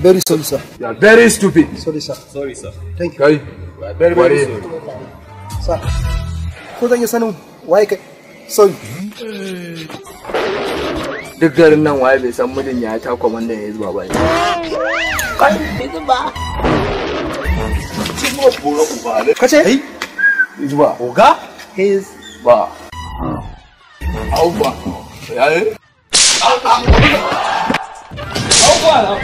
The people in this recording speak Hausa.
Very sorry, sir. You are very stupid. Sorry, sir. Sorry, sir. Thank you. Kai. very, very sorry. Sir. Ko zan yi sanin waye kai? Sorry. Duk garin nan waye bai san mijin ya ta kwamandan ya zuba ba ne. Kai, bai zuba. Kace? Zuba. Oga? His ba. 老管了，哎，老管啊！